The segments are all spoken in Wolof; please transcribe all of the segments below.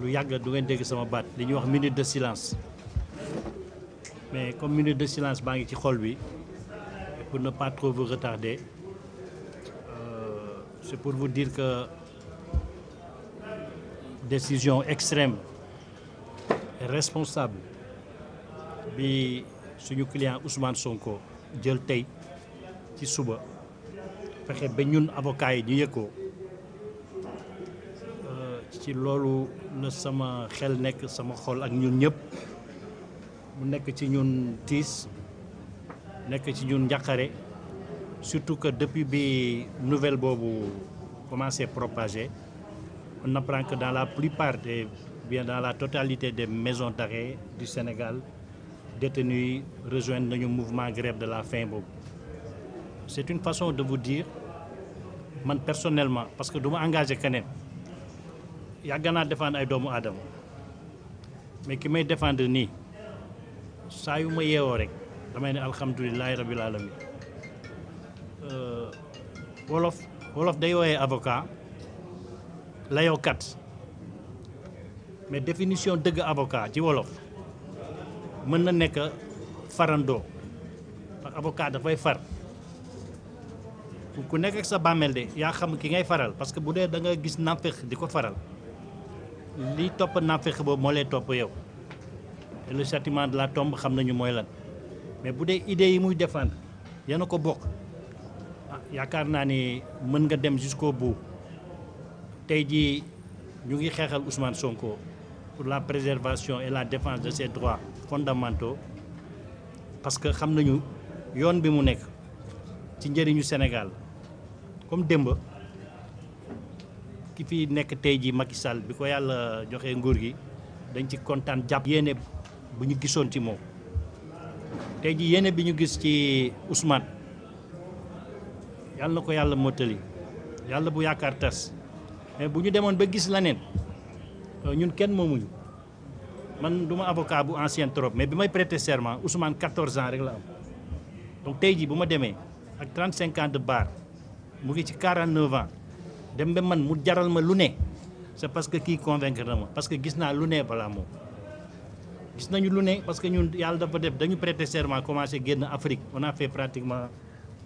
lu yàgg du ngeen sama baat li wax minute de silence mais comme minute de silence baa ngi ci xol bi pour ne pas trop vous retarder euh, c'est pour vous dire que décision extrême et responsable bi suñu client Ousmane Sonko jël tey ci suba fexe ba ñun avocat yi ñu yëg ci loolu la sama xel nekk sama xol ak ñun ñëpp mu nekk ci ñun ci ñun surtout que depuis bi nouvelle boobu commencé propager on apprend que dans la plupart des bien dans la totalité des maisons d'arrêt du Sénégal détenus rejoignent le mouvement grève de la faim c'est une façon de vous dire man personnellement parce que du ma engagé keneen yàgg naa défendre ay doomu adam. mais ki may défendre nii saa yu ya ma yeewoo rek damay ne alhamdulilahi rabil alamin wolof eh, wolof day ya, wooyee avocat layookat mais définition dëgg avocat ci wolof mën na nekk farandoo ndax avocat dafay far ku nekk ak sa bàmmeel de yaa xam ki ngay faral parce que bu dee da nga gis naafeq di ko faral li top na naafeq boobu mo lay top yow le châtiment de la tombe xam nañu mooy lan mais boudé idée yi muy défendre yéen ko bok ah, yaakaar naa ni mën nga dem jusqu'au bout tey jii ñu ngi xéxal Ousmane Sonko pour la préservation et la défense de ses droits fondamentaux parce que xam nañu yoon bi mu nek ci njëriñu Sénégal comme demba ki fi nekk tey ji Macky Sall bi ko yàlla nguur gi dañ ci kontaan jàpp yéene bu ñu ci moom tey ji yéene bi gis ci Ousmane yàlla na ko yàlla bu mais ba gis euh, ñun kenn man avocat bu ancien trop mais bi prêter serment Ousmane 14 ans rek la am donc tey ji bu ma ak 35 ans de bar mu ngi ci 49 ans dem ba man mu jaral ma lu ne c'est parce que kii convaincre na ma parce que gis naa lu ne balaa moom gis nañu lu ne parce que ñun yàlla dafa def dañu prêter serment commencé génn Afrique on a fait pratiquement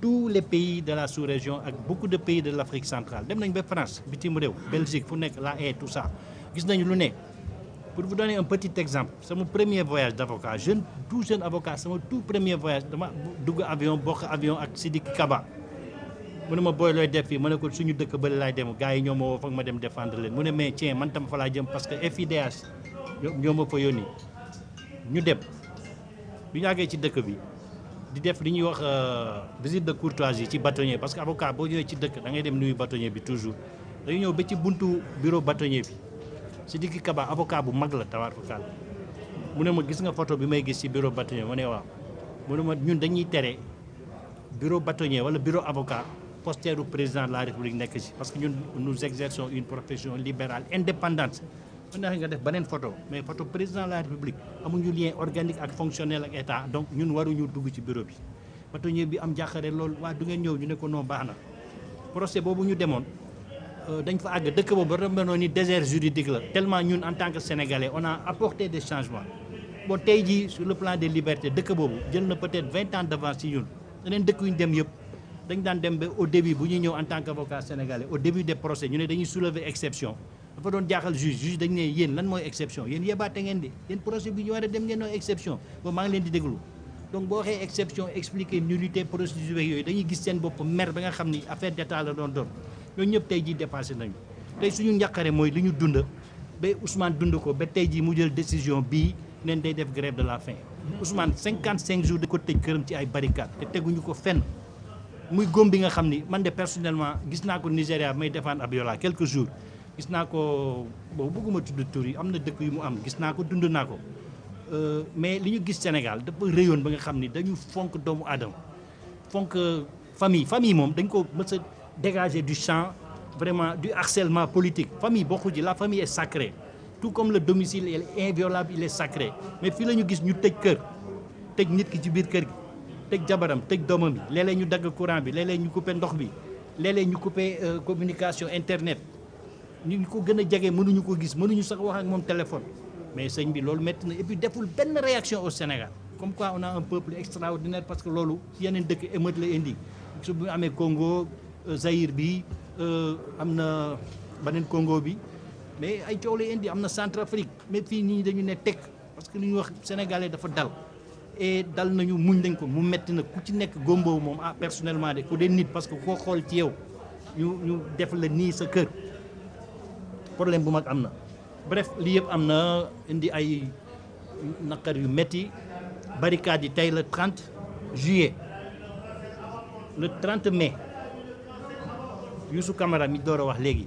tous les pays de la sous-région ak beaucoup de pays de l'Afrique centrale dem nañ ba France bitim réew Belgique fu nekk la Haye tout ça gis nañu lu ne pour vous donner un petit exemple c'est mon premier voyage d'avocat jeune tout jeune avocat mon tout premier voyage dama dugg avion bokk avion ak Sidiki Kaba mu ne ma booy looy def fii ma ne ko suñu dëkk bëri laay dem gars yi ñoo ma woo foog ma dem défendre leen mu ne mais tiens man tam fa laa jëm parce que ñoo ma fa yónni ñu dem bu ñu àggee ci dëkk bi di def li ñuy wax euh, visite de yi ci bâtonnier parce que avocat boo ñëwee ci dëkk da ngay dem nuyu bâtonnier bi toujours dañu ñëw ba ci buntu bureau bâtonnier bi Sidiki Kaba avocat bu mag la tabaarkalla mu ne ma gis nga photo bi may gis ci bureau bâtonnier ma ne waaw mu ne ñun dañuy tere bureau bâtonnier wala bureau avocat postère au président de la République nek ci parce que ñun nous exerçons une profession libérale indépendante mën naa nga def benen photo mais photo président de la République amuñu lien organique ak fonctionnel ak état donc ñun waruñu dugg ci bureau bi bâtonnier bi am jàkkaare loolu wa du ngeen ñew ñu ne ko non baax procès bobu ñu euh, dañ fa ag dëkk bobu désert juridique la tellement ñun en tant que sénégalais on a apporté des changements bon tay sur le plan des libertés dëkk bobu jël na peut-être 20 ans d'avance ci ñun yeneen dëkk yu dem dañ daan dem ba au début bu ñuy ñëw en tant qu'avocat sénégalais au début des procès ñu ne dañuy soulever exception dafa doon jaaxal juge juge dañ ne yéen lan mooy exception yéen yebaate ngeen di yéen procès bi ñu war a dem ngeen nooy exception boobu maa ngi leen di déglu donc boo waxee exception expliquer nullité procédure yooyu dañuy gis seen bopp mer ba nga xam ni affaire d'état la doon doon ñooñu ñëpp tey jii dépassé nañu tey suñu njàqare mooy li ñu dund ba Ousmane dund ko ba tey jii mu jël décision bii neen day def grève de la faim Ousmane 55 jours de ko tëj këram ci ay barricades te teguñu ko fenn muy góom bi nga xam ni man de personnellement gis naa ko Nigéria may défendre Abiola quelques jours gis naa ko boobu bëgguma tudd tur yi am na dëkk yu mu am gis naa ko dund naa ko euh, mais li ñu gis Sénégal dafa réyoon ba nga xam ni dañu fonk doomu aadama fonk famille famille moom dañ ko mës a dégager du champ vraiment du harcèlement politique famille bokku ji la famille est sacrée tout comme le domicile il est inviolable il est sacré mais fii la ñu gis ñu tëj kër tëj nit ki ci biir kër gi tëj jabaram tëj doomam bi léeg ñu dagg courant bi léeg-léeg ñu coupé ndox bi léeg-léeg ñu coupé euh, communication internet ñu ko gën a jege mënuñu ko gis mënuñu sax wax ak moom téléphone mais sëñ bi loolu métti na et deful benn réaction au Sénégal comme quoi on a un peuple extraordinaire parce que loolu si yeneen dëkk émeute la indi su bu amee Congo euh, Zaïre bi euh, am na beneen Congo bi mais ay coow la indi am na Centrafrique mais fii nit ñi dañu ne tekk parce que li ñuy wax sénégalais dafa dal et dal nañu muñ nañ ko mu metti nag ku ci nekk gómboobu moom ah personnellement de ku dee nit parce que koo xool ci yow ñu ñu def la nii sa kër problème bu mag am na bref lii yëpp am na indi ay naqar yu metti barricade yi tey le 30 juillet le 30 mai Youssou Camara mi door a wax léegi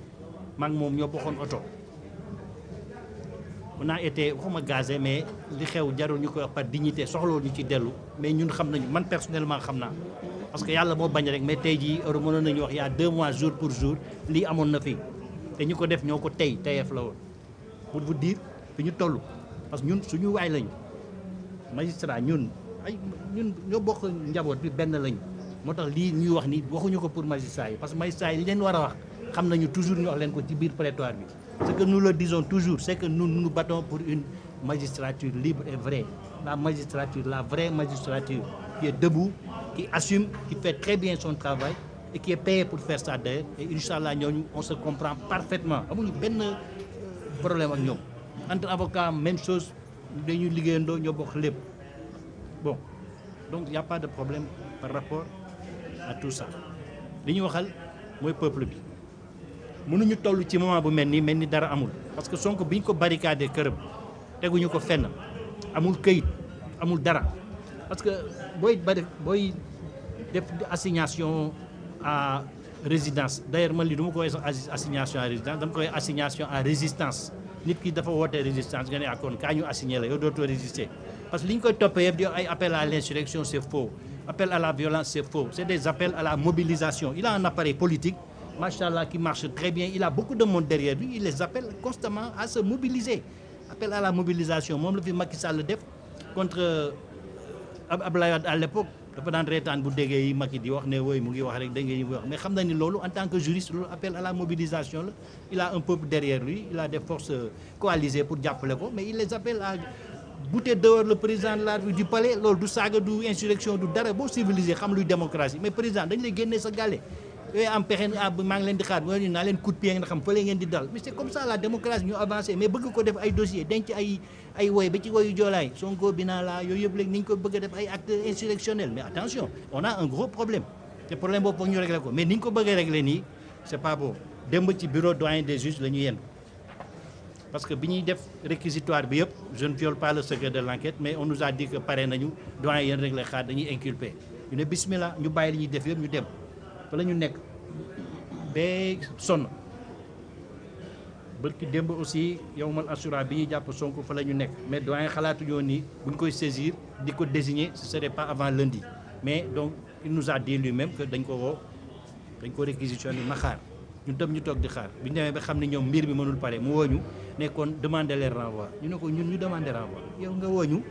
maa moom ñoo bokkoon oto on a été waxuma gazé mais li xew jarul ñu koy wax par dignité soxloo ñu ci dellu mais ñun xam nañu man personnellement xam naa parce que yàlla moo bañ rek mais tey jii heure mënoon nañu wax y'a deux mois jour pour jour lii amoon na fi te ñu ko def ñoo ko tey teyef la woon pour bu dire fi ñu toll parce que ñun suñu waay lañu magistrat ñun ay ñun ñoo bokk njaboot bi benn lañu moo tax lii ñuy wax ni waxuñu ko pour magistrat yi parce que magistrat yi leen war a wax xam nañu toujours ñu wax leen ko ci biir prétoire bi Ce que nous le disons toujours, c'est que nous nous battons pour une magistrature libre et vraie. La magistrature, la vraie magistrature, qui est debout, qui assume, qui fait très bien son travail et qui est payée pour faire ça d'ailleurs. Et Inch'Allah, on se comprend parfaitement. Nous euh, problème avec nous. Entre avocats, même chose, nous sommes Bon, donc il n'y a pas de problème par rapport à tout ça. nous peuple mënuñu toll ci moment bu mel nii mel ni dara amul parce que Sonko biñ ko barricadé këram teguñu ko fenn amul këyit amul dara parce que booy ba def booy def assignation à résidence d'ailleurs man li du ma ko assignation à résidence dama koy des assignation à résistance nit ki dafa wootee résistance nga ne akoon ah kaa ñu assigné la yow dootoo résister parce que li ñu koy toppee yëpp di appel à l'insurrection c'est faux appel à la violence c'est faux c'est des appels à la mobilisation il a un appareil politique machallah, qui marche très bien. Il a beaucoup de monde derrière lui. Il les appelle constamment à se mobiliser. Appel à la mobilisation. Moi, je Macky Sall def contre euh, Abdoulaye à l'époque. le président mais en tant que juriste il appelle à la mobilisation il a un peuple derrière lui il a des forces euh, coalisées pour le ko mais il les appelle à bouter dehors le président de la rue du palais Lors du saga du insurrection du darabou civilisé xam démocratie mais le président il est génnee sa galère yooyu am pexe ah di xaar bu ñu naa leen coup pied nga xam fële ngeen di dal mais c'est comme ça la démocratie ñu avancé mais bëgg ko def ay dossier denc ay ay woy ba ci woyu joolaay Sonko Binala yooyu yëpp léegi ni ñu ko bëgg def ay acte insurrectionnel mais attention on a un gros problème te problème boobu foog ñu régler ko mais niñ ko bëgg régler ni c'est pas beau demb ci bureau doyen des juges la ñu yenn parce que biñuy def réquisitoire bi yëpp je ne viole pas le secret de l'enquête mais on nous a dit que paré nañu doyen yéen régler lay xaar dañuy inculper ñu ne bismillah ñu bàyyi li ñi def yëpp ñu dem fa la ñu nekk bee sonn bërki aussi yow mal assura bi ñuy jàpp Sonko fa lañu nek mais doyen xalaatuñoo ni bu ñu koy saisir diko désigner ce serait pas avant lundi mais donc il nous a dit lui-même que dañ ko woo dañ ko réquisitionné na xaar ñun tam ñu tok di xaar bi ñu ba xamni ñom mbir bi mënul pare mu woñu né kon demander les renvoi ñu né ko ñun ñu demander renvoi yow nga woñu ñu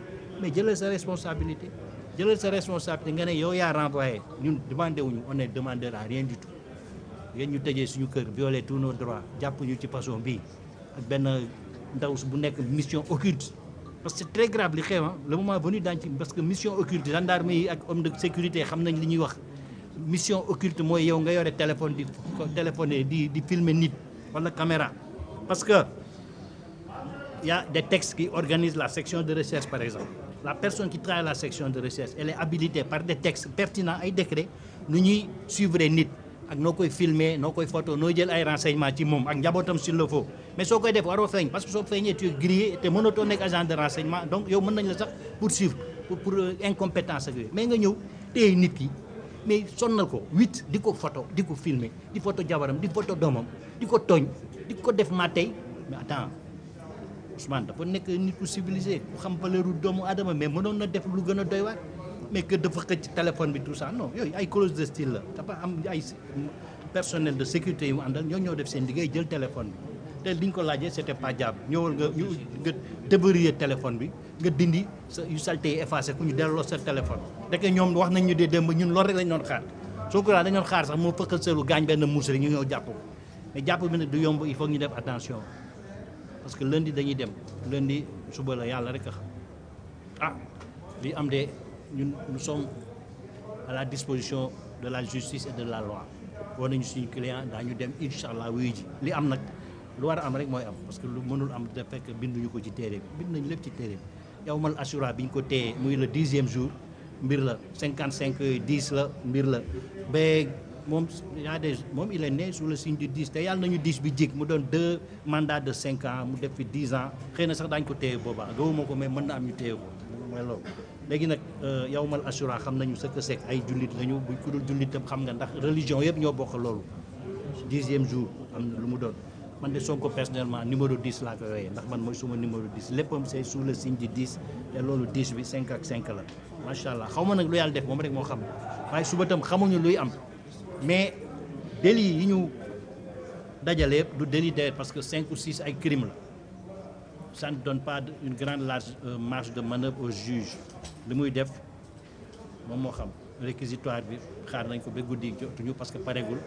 mais jëlal sa responsabilité jëlal sa responsabilité nga ne yow renvoyé ñun demandé on est demandeur rien du tout Nous ñu tëjee suñu violer tous nos droits Nous ñu ci une ak mission occulte parce que c'est très grave hein. le moment est venu daañu parce que mission occulte gendarme et ak homme de sécurité xam nañ li ñuy mission occulte mooy yow nga yore téléphone di téléphoner di di filmer nit wala caméra parce que y a des textes qui organisent la section de recherche par exemple la personne qui travaille à la section de recherche elle est habilitée par des textes pertinents et décrets. Nous y les nit ak nous les filmer nous koy photo noo jël ay renseignement ci nous ak s'il le faut mais ce que def waroo feeñ parce que soo feeñee tu es grillé monotone avec nekk agent de renseignement donc yow mën nañ la sax poursuivre pour pour euh, incompétence mais nga ñëw téye nit qui... mais sonnal ko huit diko photo diko filmer di photo jabaram di photo photos, diko togn diko def ma tay mais attends Ousmane dafa nekk nit ku civilisé ku xam valeur doomu aadama mais mënoon na def lu gën a doy waar mais que dafa xëcc téléphone bi tout ça non yooyu ay clause de style la dafa am ay personnel de sécurité yu mu àndal ñoo ñoo def seen liggéey jël téléphone bi te liñ ko laajee c'était pas jaab ñëwal nga ñu nga débrouiller téléphone bi nga dindi sa yu salté yi effacé ku ñu delloo sa téléphone rek ñoom wax nañ ñu dee démb ñun loolu rek lañ doon xaar soo ko dañoon xaar sax moo fëkkal seelu ñu ñu def parce que lundi dañuy dem lundi suba la yàlla rek a xam ah li am de ñun nous sommes à la disposition de la justice et de la loi woo nañu suñu client daañu dem incha allah wuyu ji li am nag lu war a am rek mooy am parce que lu mënul am da fekk binduñu ko ci téere bi bind nañu lépp ci téere bi yow mal assura bi ñu ko téye muy le dixième jour mbir la cinquante cinq dix la mbir la ba moom yaa des moom il est né sous le signe du 10 te yàlla nañu 10 bi jik mu doon deux mandats de cinq ans mu def fi dix ans xëy na sax daañu ko téye boobaa gawuma ko mais mën na am ñu téye ko mooy loolu léegi nag euh, yawmal asura xam nañu ce que ay jullit lañu bu ku dul jullit tam xam nga ndax religion yëpp ñoo bokk loolu dixième jour am na lu mu doon man de Sonko personnellement numéro 10 laa ko yooyee ndax man mooy suma numéro 10 léppam c'est sous le signe di 10 te loolu 10 bi 5 ak 5 la macha allah xaw ma nag lu yàlla def moom rek moo xam waaye suba tam xamuñu luy am. mais délit yi délit parce que 5 ou 6 crimes ça ne donne pas une grande large euh, marge de manœuvre au juge Le def xam réquisitoire bi xaar nañ parce que parégul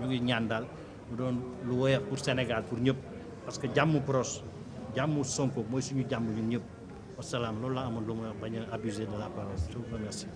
ñu ngi ñaan dal mu doon lu pour Sénégal pour ñëpp parce que nous proche jamm Sonko Nous suñu jamm ñun ñëpp nous ma abuser de la parole je vous